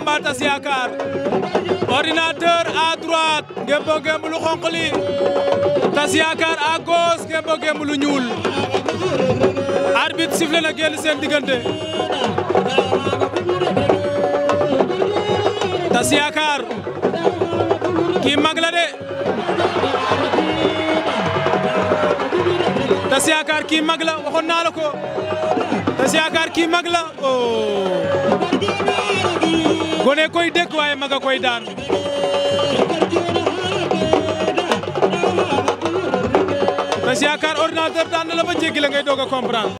combat tas yaakaar ordinateur à droite ngembo ngemb xonq li tas yaakaar à gauche ngembo ngemb ñuul arbitre sifflé na génn seen diggante tas yaakaar kii mag la de tas yaakaar kii mag la waxoon ko tas yaakaar kii mag la oh. gone koy dégg waaye maga koy daan tas yaakaar ordinateur daan na la ba jéggi la ngay doog a